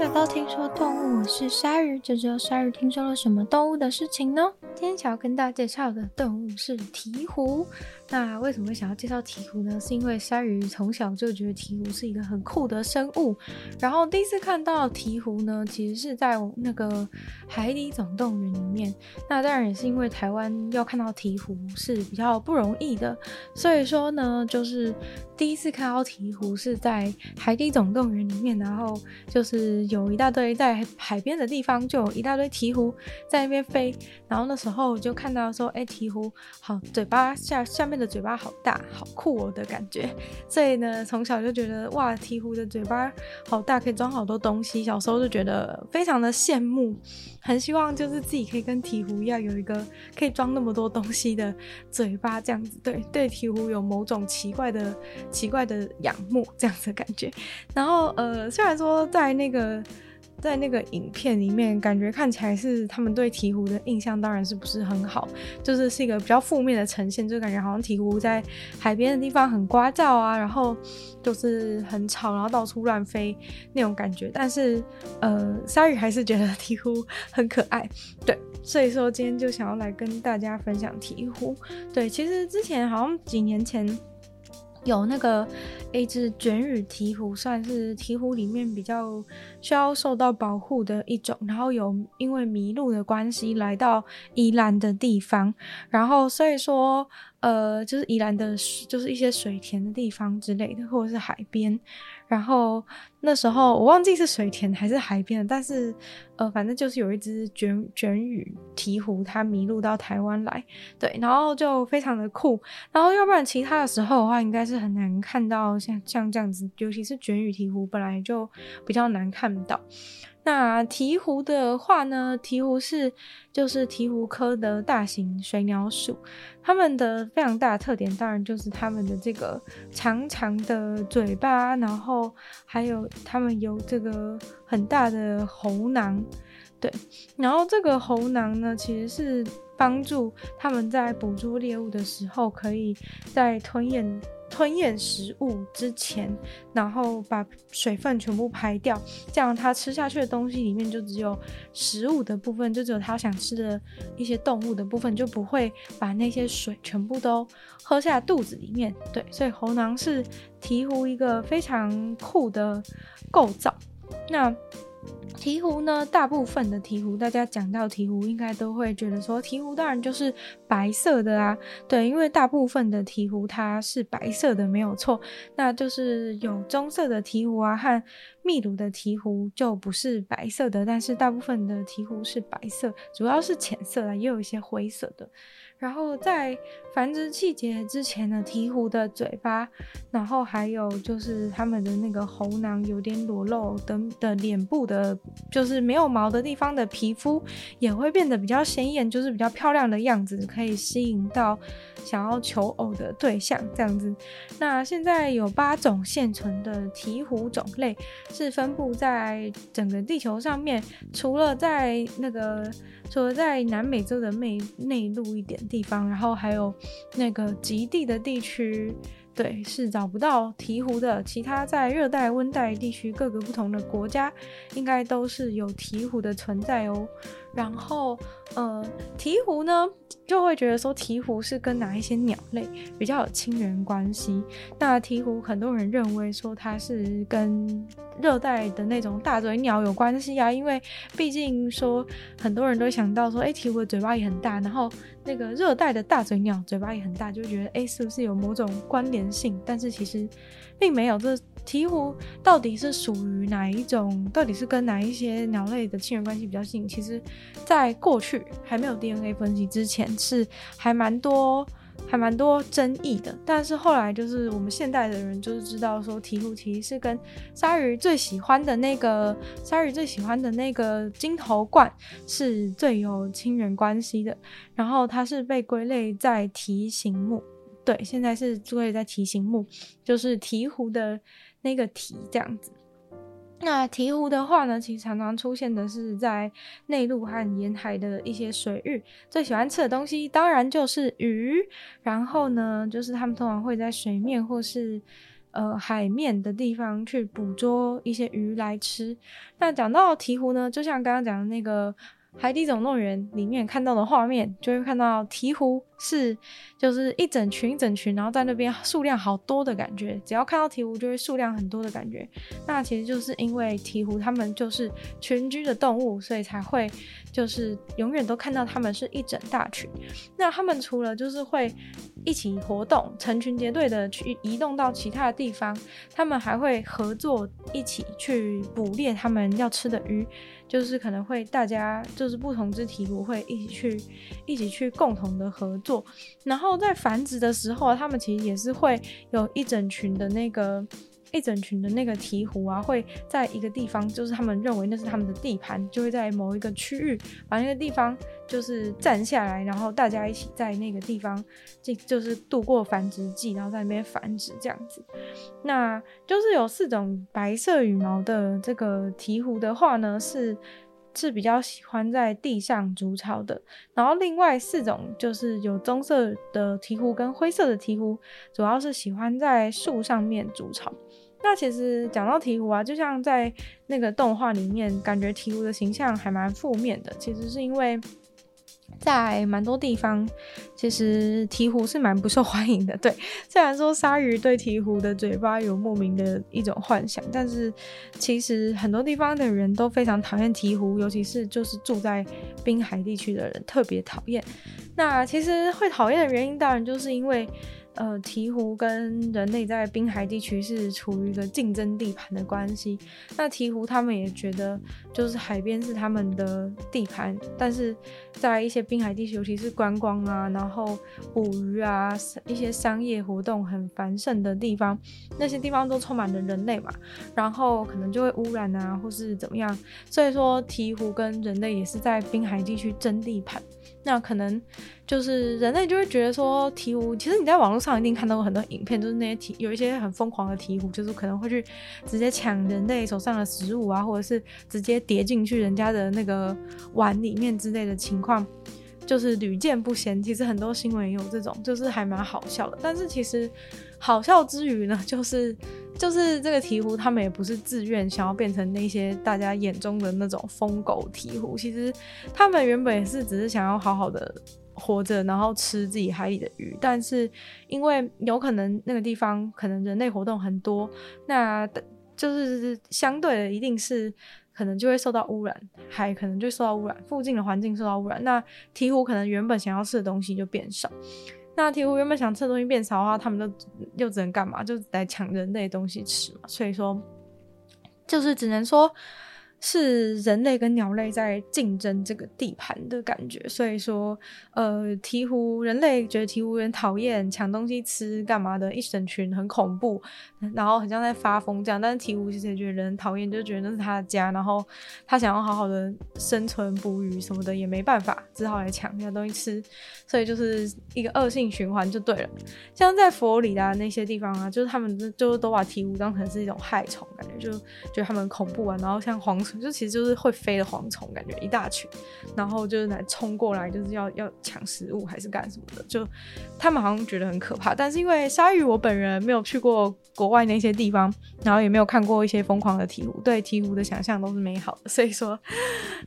大家聽,聽說動物，我是鯊魚。這周鯊魚聽說了什麼動物的事情呢？今天想要跟大家介紹的動物是鵜鶘。那為什麼會想要介紹鵜鶘呢？是因為鯊魚從小就覺得鵜鶘是一個很酷的生物。然後第一次看到鵜鶘呢，其實是在那個《海底總動員》裡面。那當然也是因為台灣要看到鵜鶘是比較不容易的，所以說呢，就是第一次看到鵜鶘是在《海底總動員》裡面，然後就是有一大堆在海邊的地方，就有一大堆鵜鶘在那邊飛。然後那時候就看到說，哎，鵜鶘，好，嘴巴下下面，的嘴巴好大，好酷哦的感覺。所以呢，從小就覺得哇，鹈鶘的嘴巴好大，可以裝好多東西。小時候就覺得非常的羨慕，很希望就是自己可以跟鹈鶘一樣，有一個可以裝那麼多東西的嘴巴，這樣子。對對，鹈鶘有某種奇怪的、奇怪的仰慕，這樣子的感覺。然後呃，雖然說在那個。在那個影片裡面，感覺看起來是他們對鵜鶘的印象當然是不是很好，就是是一個比較負面的呈現，就感覺好像鵜鶘在海邊的地方很聒噪啊，然後就是很吵，然後到處亂飛那種感覺。但是，呃，鯊魚還是覺得鵜鶘很可愛，對，所以說今天就想要來跟大家分享鵜鶘。對，其實之前好像幾年前。有那個一隻卷羽鵜鶘，算是鵜鶘裡面比較需要受到保護的一種。然後有因為迷路的關係來到宜蘭的地方，然後所以說。呃，就是宜蘭的，就是一些水田的地方之類的，或者是海邊。然後那時候我忘記是水田還是海邊的，但是呃，反正就是有一隻捲捲羽鵜鶘，它迷路到台灣來，對，然後就非常的酷。然後要不然其他的時候的話，應該是很難看到像像這樣子，尤其是捲羽鵜鶘本來就比較難看到。那鵜鶘的話呢？鵜鶘是就是鵜鶘科的大型水鳥屬，它們的非常大的特點，當然就是它們的這個長長的嘴巴，然後還有它們有這個很大的喉囊，對，然後這個喉囊呢，其實是幫助它們在捕捉獵物的時候，可以在吞嚥。吞嚥食物之前，然後把水分全部排掉，這樣它吃下去的東西裡面就只有食物的部分，就只有它想吃的一些動物的部分，就不會把那些水全部都喝下肚子裡面。對，所以喉囊是鵜鶘一個非常酷的構造。那。鵜鶘呢？大部分的鵜鶘，大家講到鵜鶘，應該都會覺得說，鵜鶘當然就是白色的啊。對，因為大部分的鵜鶘它是白色的，沒有錯。那就是有棕色的鵜鶘啊和。秘魯的鵜鶘就不是白色的，但是大部分的鵜鶘是白色，主要是淺色的，也有一些灰色的。然後在繁殖季節之前呢，鵜鶘的嘴巴，然後還有就是它們的那個喉囊有點裸露的的臉部的，就是沒有毛的地方的皮膚也會變得比較鮮豔，就是比較漂亮的樣子，可以吸引到想要求偶的對象。這樣子，那現在有八種現存的鵜鶘種類。是分佈在整個地球上面，除了在那個，除了在南美洲的內內陸一點地方，然後還有那個極地的地區，對，是找不到鵜鶘的。其他在熱帶、溫帶地區各個不同的國家，應該都是有鵜鶘的存在哦。然後，呃，鵜鶘呢，就會覺得說鵜鶘是跟哪一些鳥類比較有親緣關係？那鵜鶘很多人認為說它是跟熱帶的那種大嘴鳥有關係啊，因為畢竟說很多人都想到說，哎、欸，鵜鶘的嘴巴也很大，然後那個熱帶的大嘴鳥嘴巴也很大，就覺得哎、欸，是不是有某種關聯性？但是其實並沒有。這鵜鶘到底是屬於哪一種？到底是跟哪一些鳥類的親緣關係比較近？其實。在過去還沒有 DNA 分析之前，是還蠻多還蠻多爭議的。但是後來就是我們現代的人就是知道說，鵜鶘其實是跟鯊魚最喜歡的那個鯊魚最喜歡的那個鯨頭鸛是最有親緣關係的。然後它是被歸類在鵜形目，對，現在是歸類在鵜形目，就是鵜鶘的那個鵜這樣子。那鵜鶘的話呢，其實常常出現的是在內陸和沿海的一些水域。最喜歡吃的東西當然就是魚。然後呢，就是它們通常會在水面或是呃海面的地方去捕捉一些魚來吃。那講到鵜鶘呢，就像剛剛講的那個《海底總動員》裡面看到的畫面，就會看到鵜鶘。是，就是一整群一整群，然後在那邊數量好多的感覺。只要看到鹈鶘，就會數量很多的感覺。那其實就是因為鹈鶘它們就是群居的動物，所以才會就是永遠都看到它們是一整大群。那他們除了就是會一起活動，成群結隊的去移動到其他的地方，他們還會合作一起去捕獵他們要吃的魚。就是可能會大家就是不同只鹈鶘會一起去一起去共同的合作。做，然後在繁殖的時候他們其實也是會有一整群的那個，一整群的那個鹈鶘啊，會在一個地方，就是他們認為那是他們的地盤，就會在某一個區域把那個地方就是占下來，然後大家一起在那個地方，就是度過繁殖季，然後在那邊繁殖這樣子。那就是有四種白色羽毛的這個鹈鶘的話呢，是。是比較喜歡在地上築巢的，然後另外四種就是有棕色的鵜鶘跟灰色的鵜鶘，主要是喜歡在樹上面築巢。那其實講到鵜鶘啊，就像在那個動畫裡面，感覺鵜鶘的形象還蠻負面的，其實是因為。在蠻多地方，其實鵜鶘是蠻不受歡迎的。對，雖然說鯊魚對鵜鶘的嘴巴有莫名的一種幻想，但是其實很多地方的人都非常討厭鵜鶘，尤其是就是住在濱海地區的人特別討厭。那其實會討厭的原因，當然就是因為。呃，鵜鶘跟人類在濱海地區是處於一個競爭地盤的關係。那鵜鶘他們也覺得，就是海邊是他們的地盤，但是在一些濱海地區，尤其是觀光啊，然後捕魚啊，一些商業活動很繁盛的地方，那些地方都充滿了人類嘛，然後可能就會汙染啊，或是怎麼樣。所以說，鵜鶘跟人類也是在濱海地區爭地盤。那可能就是人類就會覺得說鵜鶘，其實你在網絡上一定看到過很多影片，就是那些鵜，有一些很瘋狂的鵜鶘，就是可能會去直接搶人類手上的食物啊，或者是直接跌進去人家的那個碗裡面之類的情況，就是屢見不鮮。其實很多新聞也有這種，就是還蠻好笑的，但是其實。好笑之餘呢，就是就是這個鵜鶘，他們也不是自願想要變成那些大家眼中的那種瘋狗鵜鶘。其實他們原本也是只是想要好好的活着，然後吃自己海裡的魚。但是因為有可能那個地方可能人類活動很多，那就是相對的一定是可能就會受到污染，海可能就會受到污染，附近的環境受到污染，那鵜鶘可能原本想要吃的東西就變少。那鵜鶘原本想吃的東西變少的話，他們都又只能幹嘛？就來搶人類東西吃嘛。所以說，就是只能說。是人類跟鳥類在競爭這個地盤的感覺，所以說，呃，鵜鶘人類覺得鵜鶘有點討厭，搶東西吃幹嘛的，一整群很恐怖，然後很像在發瘋這樣，但是鵜鶘其實也覺得人討厭，就覺得那是他的家，然後他想要好好的生存捕魚什麼的也沒辦法，只好來搶人家東西吃，所以就是一個惡性循環就對了。像在佛羅里達、啊、那些地方啊，就是他們就是都把鵜鶘當成是一種害蟲感覺，就覺得他們很恐怖啊，然後像黃。就其實就是會飛的蝗蟲，感覺一大群，然後就是來衝過來，就是要要搶食物還是幹什麼的？就他們好像覺得很可怕，但是因為鯊魚我本人沒有去過國外那些地方，然後也沒有看過一些瘋狂的鵜鶘，對鵜鶘的想象都是美好的，所以說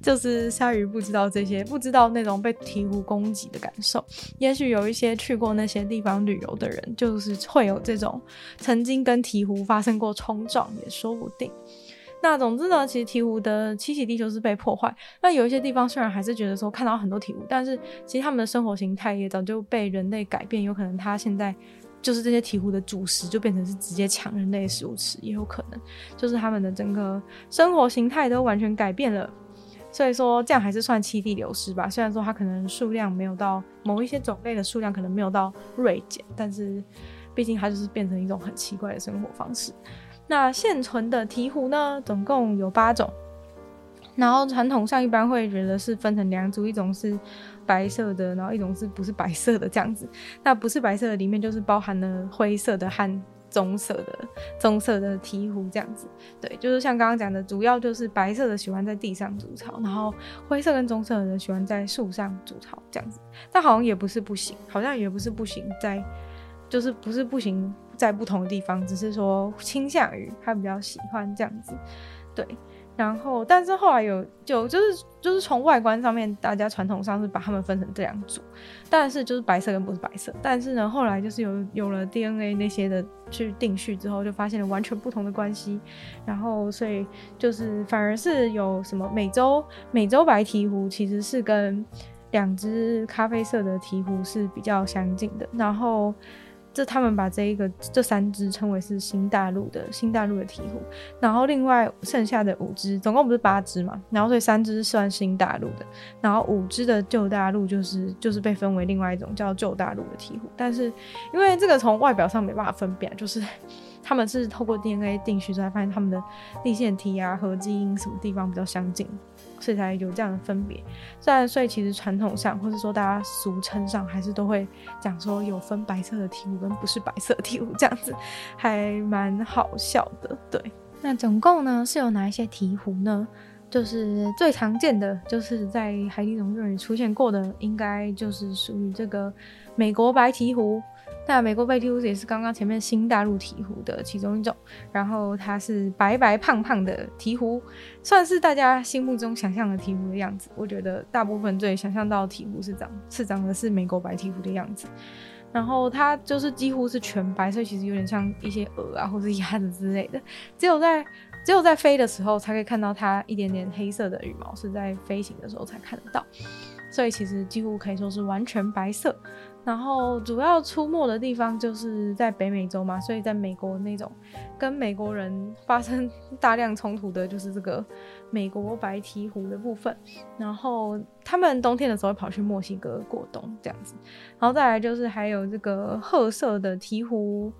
就是鯊魚不知道這些，不知道那種被鵜鶘攻擊的感受。也許有一些去過那些地方旅遊的人，就是會有這種曾經跟鵜鶘發生過衝撞，也說不定。那總之呢，其實鵜鶘的棲息地就是被破壞。那有一些地方雖然還是覺得說看到很多鵜鶘，但是其實他們的生活形態也早就被人類改變。有可能他現在就是這些鵜鶘的主食就變成是直接搶人類食物吃，也有可能就是他們的整個生活形態都完全改變了。所以說這樣還是算棲地流失吧。雖然說它可能數量沒有到某一些種類的數量可能沒有到銳減，但是畢竟它就是變成一種很奇怪的生活方式。那現存的鵜鶘呢，總共有八種，然後傳統上一般會覺得是分成兩組，一種是白色的，然後一種是不是白色的這樣子。那不是白色的裡面就是包含了灰色的和棕色的，棕色的鵜鶘這樣子。對，就是像剛剛講的，主要就是白色的喜歡在地上築巢，然後灰色跟棕色的喜歡在樹上築巢這樣子。但好像也不是不行，好像也不是不行在，在就是不是不行。在不同的地方，只是說傾向於他比較喜歡這樣子，對。然後，但是後來有就就是就是從外觀上面，大家傳統上是把它們分成這兩組，但是就是白色跟不是白色。但是呢，後來就是有有了 DNA 那些的去定序之後，就發現了完全不同的關係。然後，所以就是反而是有什麼美洲美洲白鵜鶘其實是跟兩隻咖啡色的鵜鶘是比較相近的。然後。這他們把這一個這三隻稱為是新大陸的，新大陸的鵜鶘，然後另外剩下的五隻，總共不是八隻嘛，然後所以三隻是算新大陸的，然後五隻的舊大陸就是就是被分為另外一種叫舊大陸的鵜鶘，但是因為這個從外表上沒辦法分辨，就是他們是透過 DNA 定序才發現他們的粒線體啊和基因什麼地方比較相近。所以才有這樣的分別。雖然，所以其實傳統上，或者說大家俗稱上，還是都會講說有分白色的鵜鶘跟不是白色的鵜鶘這樣子，還蠻好笑的。對，那總共呢是有哪一些鵜鶘呢？就是最常見的，就是在海底總動員裡出現過的，應該就是屬於這個美國白鵜鶘。那美國白鵜鶘也是剛剛前面新大陸鵜鶘的其中一種，然後它是白白胖胖的鵜鶘，算是大家心目中想象的鵜鶘的樣子。我覺得大部分最想象到鵜鶘是長是長的是美國白鵜鶘的樣子，然後它就是幾乎是全白，所以其實有點像一些鵝啊或者鴨子之類的，只有在只有在飛的時候才可以看到它一點點黑色的羽毛，是在飛行的時候才看得到，所以其實幾乎可以說是完全白色。然後主要出沒的地方就是在北美洲嘛，所以在美國那種跟美國人發生大量衝突的，就是這個美國白鵜鶘的部分。然後他們冬天的時候會跑去墨西哥過冬，這樣子。然後再來就是還有這個褐色的鵜鶘。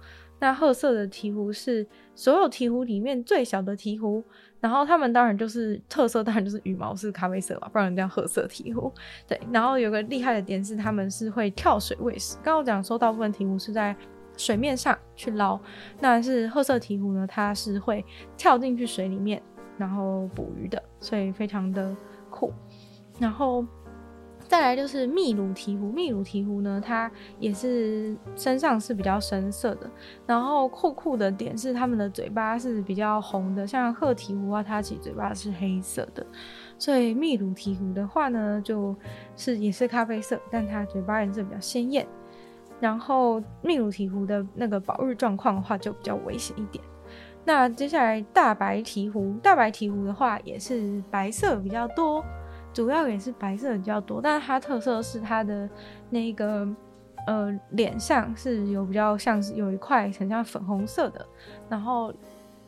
那褐色的鵜鶘是所有鵜鶘裡面最小的鵜鶘，然後它們當然就是特色，當然就是羽毛是咖啡色吧？不然人家褐色鵜鶘。對，然後有個厲害的點是，它們是會跳水餵食。剛剛我講說大部分鵜鶘是在水面上去撈，但是褐色鵜鶘呢，它是會跳進去水裡面，然後捕魚的，所以非常的酷。然後。再來就是秘魯鵜鶘，秘魯鵜鶘呢，它也是身上是比較深色的，然後酷酷的點是它們的嘴巴是比較紅的，像褐鵜鶘啊，它其實嘴巴是黑色的，所以秘魯鵜鶘的話呢，就是也是咖啡色，但它嘴巴顏色比較鮮豔，然後秘魯鵜鶘的那個保育狀況的話就比較危險一點。那接下來大白鵜鶘，大白鵜鶘的話也是白色比較多。主要也是白色比較多，但是它特色是它的那個呃臉上是有比較像是有一塊很像粉紅色的，然後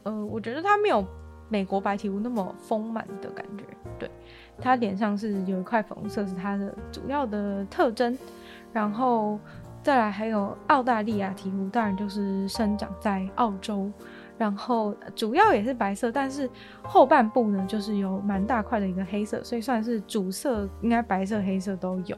呃我覺得它沒有美國白鵜鶘那麼豐滿的感覺，對，它臉上是有一塊粉紅色，是它的主要的特徵，然後再來還有澳大利亞鵜鶘，當然就是生長在澳洲。然後主要也是白色，但是後半部呢，就是有蠻大塊的一個黑色，所以算是主色應該白色、黑色都有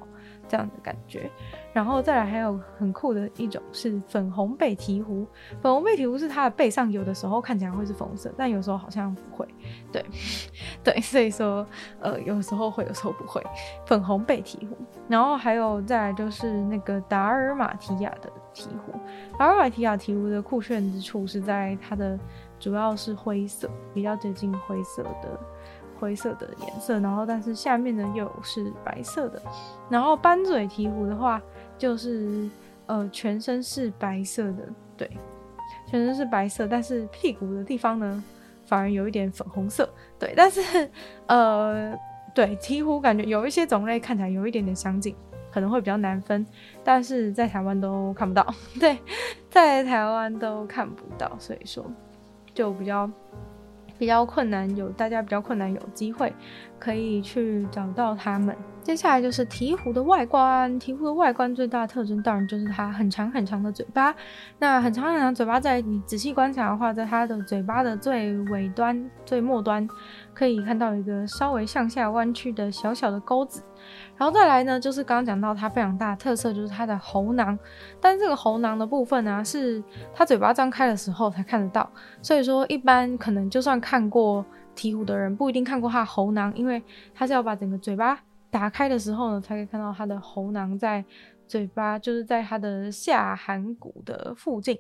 這樣的感覺。然後再來還有很酷的一種是粉紅背鵜鶘，粉紅背鵜鶘是它的背上有的時候看起來會是粉色，但有時候好像不會。對對，所以說呃有時候會有時候不會粉紅背鵜鶘。然後還有再來就是那個達爾馬提亞的。鵜鶘，而白鵜鶘的酷炫之處是在它的主要是灰色，比較接近灰色的灰色的顏色，然後但是下面呢又是白色的。然後斑嘴鵜鶘的話，就是呃全身是白色的，對，全身是白色，但是屁股的地方呢反而有一點粉紅色，對，但是呃對鵜鶘感覺有一些種類看起來有一點點相近。可能會比較難分，但是在台灣都看不到，對，在台灣都看不到，所以說就比較比較困難有，有大家比較困難有機會可以去找到他們。接下來就是鵜鶘的外觀，鵜鶘的外觀最大的特徵當然就是它很長很長的嘴巴。那很長很長嘴巴，在你仔細觀察的話，在它的嘴巴的最尾端，最末端，可以看到一個稍微向下彎曲的小小的鈎子。然後再來呢，就是剛剛講到它非常大的特色，就是它的喉囊。但這個喉囊的部分呢、啊，是它嘴巴張開的時候才看得到。所以說，一般可能就算看過鵜鶘的人，不一定看過它喉囊，因為它是要把整個嘴巴打開的時候呢，才可以看到它的喉囊在嘴巴，就是在它的下頜骨的附近。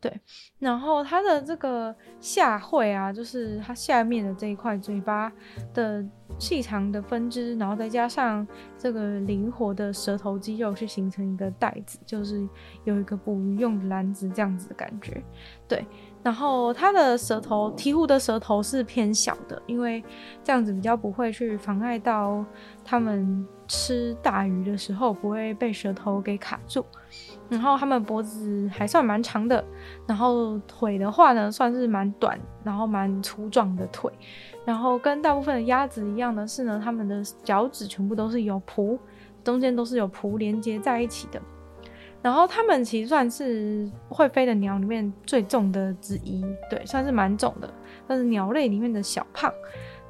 對，然後它的這個下喙啊，就是它下面的這一塊嘴巴的細長的分支，然後再加上這個靈活的舌頭肌肉，去形成一個袋子，就是有一個捕魚用的籃子這樣子的感覺。對，然後它的舌頭，鵜鶘的舌頭是偏小的，因為這樣子比較不會去妨礙到他們吃大魚的時候，不會被舌頭給卡住。然後它們脖子還算蠻長的，然後腿的話呢，算是蠻短，然後蠻粗壯的腿。然後跟大部分的鴨子一樣的是呢，它們的腳趾全部都是有蹼，中間都是有蹼連接在一起的。然後它們其實算是會飛的鳥裡面最重的之一，對，算是蠻重的，但是鳥類裡面的小胖。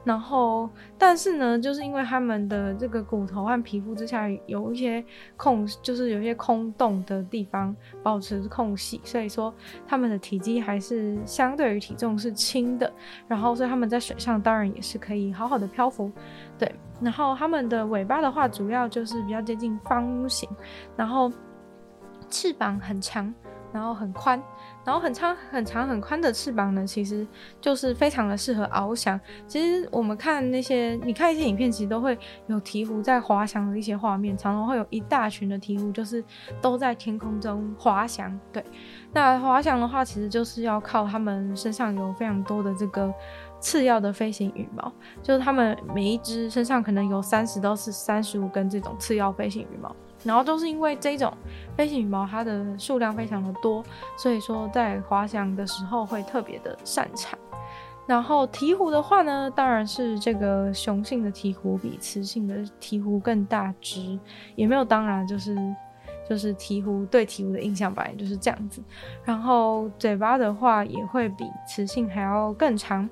然後，但是呢，就是因為他們的這個骨頭和皮膚之下有一些空，就是有一些空洞的地方，保持空隙，所以說他們的體積還是相對於體重是輕的。然後，所以他們在水上當然也是可以好好的漂浮。對，然後它們的尾巴的話，主要就是比較接近方形，然後翅膀很長，然後很寬。然後很長、很長、很寬的翅膀呢，其實就是非常的適合翱翔。其實我們看那些，你看一些影片，其實都會有鵜鶘在滑翔的一些畫面，常常會有一大群的鵜鶘，就是都在天空中滑翔。對，那滑翔的話，其實就是要靠它們身上有非常多的這個次要的飛行羽毛，就是它們每一隻身上可能有三十到三十五根這種次要飛行羽毛。然後就是因為這種飛行羽毛，它的數量非常的多，所以說在滑翔的時候會特別的擅長。然後鵜鶘的話呢，當然是這個雄性的鵜鶘比雌性的鵜鶘更大隻，也沒有當然就是就是鵜鶘對鵜鶘的印象吧，就是這樣子。然後嘴巴的話也會比雌性還要更長。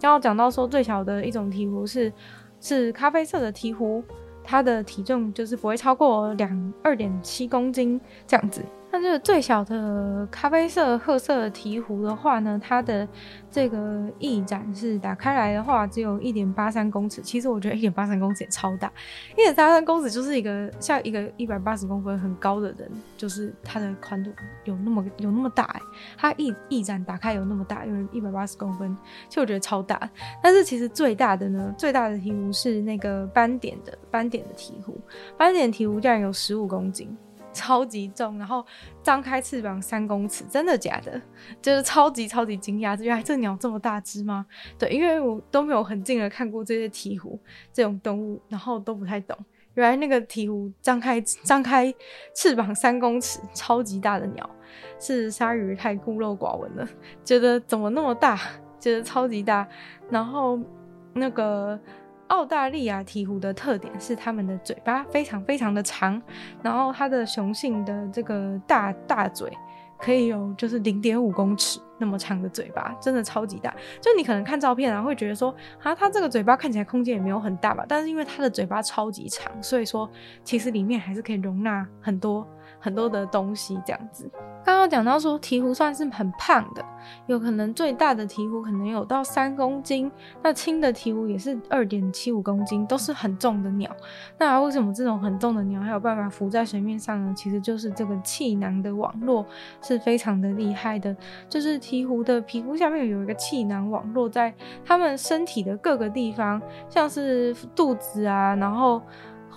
然後講到說最小的一種鵜鶘是是咖啡色的鵜鶘。他的體重就是不會超過兩二點七公斤這樣子。但是最小的咖啡色褐色的鵜鶘的話呢，它的這個翼展是打開來的話，只有一點八三公尺。其實我覺得一點八三公尺也超大，一點八三公尺就是一個像一個一百八十公分很高的人，就是它的寬度有那麼有那麼大，欸，它翼翼展打開有那麼大，有一百八十公分，其實我覺得超大。但是其實最大的呢，最大的鵜鶘是那個斑點的斑點的鵜鶘，斑點鵜鶘竟然有十五公斤。超級重，然後張開翅膀三公尺，真的假的？就是超級超級驚訝，原來這鳥這麼大只嗎？對，因為我都沒有很近的看過這些鵜鶘這種動物，然後都不太懂。原來那個鵜鶘張開張開翅膀三公尺，超級大的鳥，是鯊魚太孤陋寡聞了，覺得怎麼那麼大，覺得超級大，然後那個。澳大利亞鹈鶘的特點是它們的嘴巴非常非常的長，然後它的雄性的這個大大嘴，可以有就是零點五公尺那麼長的嘴巴，真的超級大。就你可能看照片啊，然後會覺得說啊，它這個嘴巴看起來空間也沒有很大吧？但是因為它的嘴巴超級長，所以說其實裡面還是可以容納很多。很多的東西這樣子，剛剛講到說鵜鶘算是很胖的，有可能最大的鵜鶘可能有到三公斤，那輕的鵜鶘也是二點七五公斤，都是很重的鳥。那為什麼這種很重的鳥還有辦法浮在水面上呢？其實就是這個氣囊的網絡是非常的厲害的，就是鵜鶘的皮膚下面有一個氣囊網絡，在它們身體的各個地方，像是肚子啊，然後。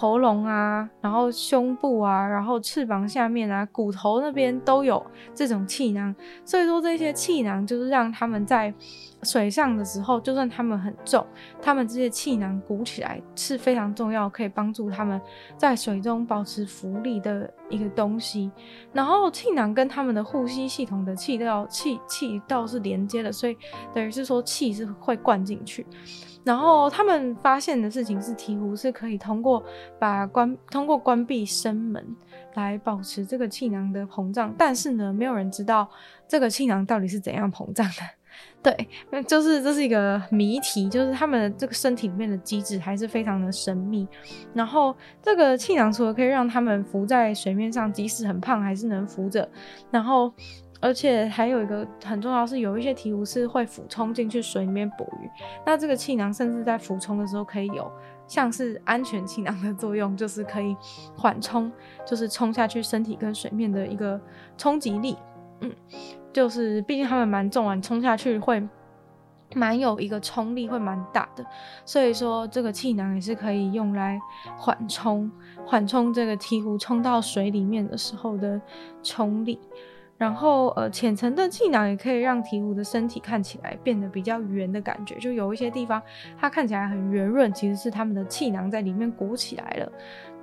喉嚨啊，然後胸部啊，然後翅膀下面啊，骨頭那邊都有這種氣囊。所以說這些氣囊就是讓他們在水上的時候，就算他們很重，他們這些氣囊鼓起來是非常重要，可以幫助他們在水中保持浮力的一個東西。然後氣囊跟他們的呼吸系統的氣道氣氣道是連接的，所以等於是說氣是會灌進去。然後他們發現的事情是，鵜鶘是可以通過把關，通過關閉聲門來保持這個氣囊的膨脹。但是呢，沒有人知道這個氣囊到底是怎樣膨脹的。對，就是這是一個謎題，就是他們這個身體裡面的機制還是非常的神秘。然後這個氣囊除了可以讓他們浮在水面上，即使很胖還是能浮着。然後。而且還有一個很重要的是，有一些鵜鶘是會俯衝進去水裡面捕魚。那這個氣囊甚至在俯衝的時候可以有，像是安全氣囊的作用，就是可以緩衝，就是衝下去身體跟水面的一個衝擊力。嗯，就是畢竟它們蠻重啊，衝下去會蠻有一個衝力，會蠻大的。所以說這個氣囊也是可以用來緩衝，緩衝這個鵜鶘衝到水裡面的時候的衝力。然後，呃，淺層的氣囊也可以讓鵜鶘的身體看起來變得比較圓的感覺，就有一些地方它看起來很圓潤，其實是它們的氣囊在裡面鼓起來了。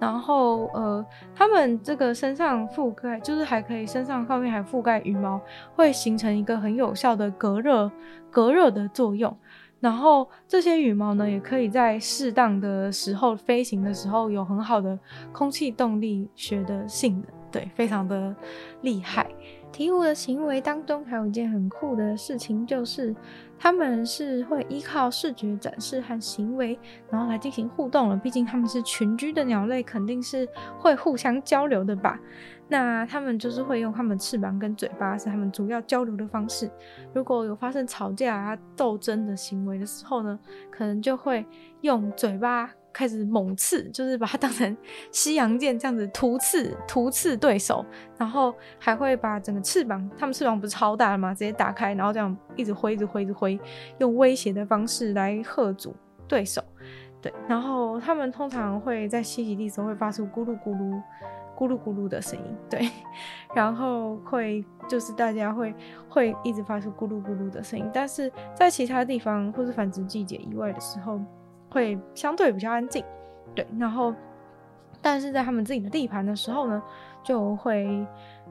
然後，呃，它們這個身上覆蓋，就是還可以身上後面還覆蓋羽毛，會形成一個很有效的隔熱、隔熱的作用。然後這些羽毛呢，也可以在適當的時候飛行的時候有很好的空氣動力學的性能，對，非常的厲害。鵜鶘的行為當中還有一件很酷的事情，就是它們是會依靠視覺展示和行為，然後來進行互動了。畢竟他們是群居的鳥類，肯定是會互相交流的吧？那他們就是會用他們翅膀跟嘴巴，是他們主要交流的方式。如果有發生吵架啊、鬥爭的行為的時候呢，可能就會用嘴巴。開始猛刺，就是把它當成西洋劍這樣子突刺、突刺對手，然後還會把整個翅膀，他們翅膀不是超大的嗎？直接打開，然後這樣一直揮、一直揮、一直揮，用威脅的方式來嚇阻對手。對，然後他們通常會在棲息地時候會發出咕嚕咕嚕、咕嚕咕嚕的聲音。對，然後會就是大家會會一直發出咕嚕咕嚕的聲音，但是在其他地方或是繁殖季節以外的時候。會相對比較安靜，對，然後，但是在他們自己的地盤的時候呢，就會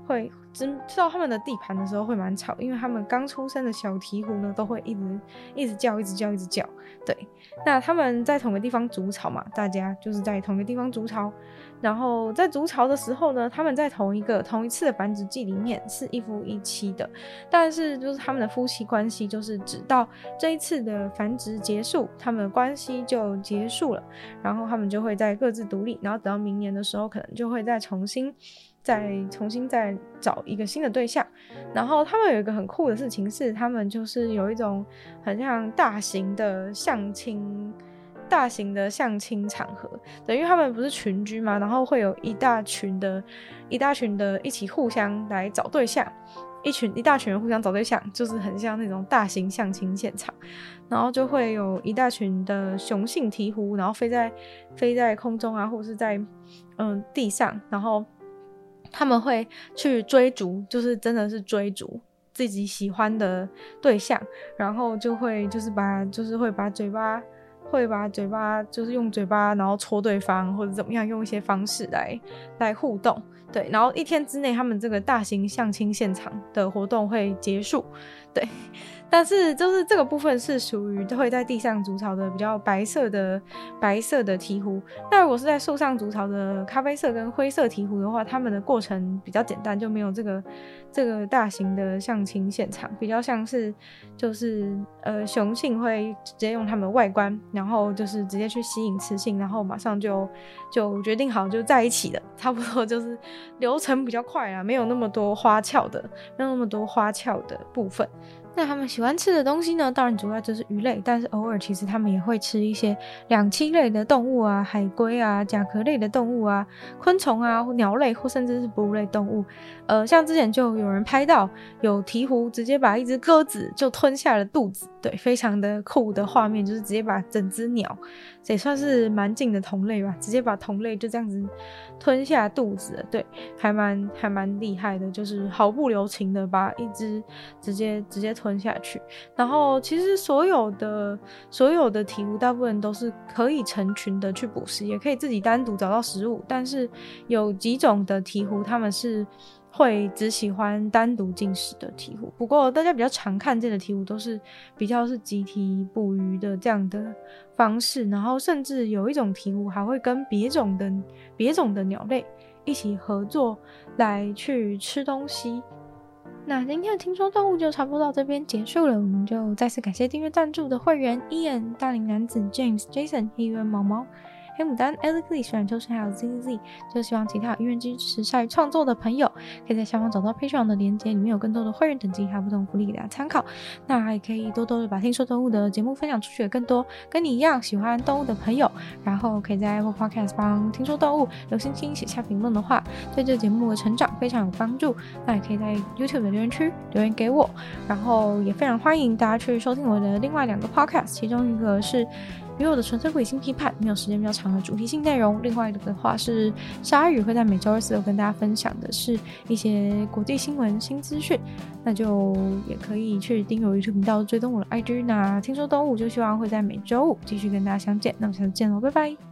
會知知道他們的地盤的時候會蠻吵，因為他們剛出生的小鵜鶘呢，都會一直一直叫，一直叫，一直叫，對，那他們在同個地方築巢嘛，大家就是在同個地方築巢。然後在築巢的時候呢，他們在同一個同一次的繁殖季裡面是一夫一妻的，但是就是他們的夫妻關係就是直到這一次的繁殖結束，他們的關係就結束了，然後他們就會再各自獨立，然後等到明年的時候，可能就會再重新，再重新再找一個新的對象。然後他們有一個很酷的事情是，他們就是有一種很像大型的相親。大型的相親場合，等於他們不是群居嘛，然後會有一大群的，一大群的一起互相來找對象，一群一大群互相找對象，就是很像那種大型相親現場。然後就會有一大群的雄性鹈鶘，然後飛在飛在空中啊，或者是在嗯地上，然後他們會去追逐，就是真的是追逐自己喜歡的對象，然後就會就是把就是會把嘴巴。會把嘴巴，就是用嘴巴，然後戳對方或者怎麼樣，用一些方式來來互動，對。然後一天之內，他們這個大型相親現場的活動會結束，對。但是就是這個部分是屬於都會在地上築巢的比較白色的白色的鵜鶘，那如果是在樹上築巢的咖啡色跟灰色鵜鶘的話，他們的過程比較簡單，就沒有這個這個大型的相親現場，比較像是就是呃雄性會直接用它們的外觀，然後就是直接去吸引雌性，然後馬上就就決定好就在一起了，差不多就是流程比較快啦，沒有那麼多花俏的，沒有那麼多花俏的部分。那他們喜歡吃的東西呢？當然主要就是魚類，但是偶爾其實他們也會吃一些兩棲類的動物啊，海龜啊，甲殼類的動物啊，昆蟲啊，鳥類或甚至是哺乳類動物。呃，像之前就有人拍到有鵜鶘直接把一隻鴿子就吞下了肚子，對，非常的酷的畫面，就是直接把整只鳥。也算是蠻近的同類吧，直接把同類就這樣子吞下肚子了，對，還蠻還蠻厲害的，就是毫不留情的把一隻直接直接吞下去。然後其實所有的所有的鵜鶘大部分都是可以成群的去捕食，也可以自己單獨找到食物，但是有幾種的鵜鶘它們是。會只喜歡單獨進食的鵜鶘。不過大家比較常看見的鵜鶘都是比較是集體捕魚的這樣的方式，然後甚至有一種鵜鶘還會跟別種的別種的鳥類一起合作來去吃東西。那今天的聽說動物就差不多到這邊結束了，我們就再次感謝訂閱贊助的會員 Ian 大齡男子 James Jason 以及毛毛。黑牡丹、Alex Lee、許安就是還有 Z Z Z，就希望其他有意願支持下創作的朋友，可以在下方找到 Patreon 的鏈接，裡面有更多的會員等級還有不同福利給大家參考。那也可以多多的把《聽說動物》的節目分享出去，更多跟你一樣喜歡動物的朋友。然後可以在 Apple Podcast 幫《聽說動物》留心情寫下評論的話，對這個節目的成長非常有幫助。那也可以在 YouTube 的留言區留言給我，然後也非常歡迎大家去收聽我的另外兩個 Podcast，其中一個是。沒有我的純粹不理性批判，沒有時間比較長的主題性內容。另外一個的話是，鯊魚會在每周二、四有跟大家分享的是一些國際新聞、新資訊，那就也可以去訂閱我 YouTube 頻道，追蹤我的 IG，那聽說動物就希望會在每周五繼續跟大家相見，那我們下次見嘍，拜拜。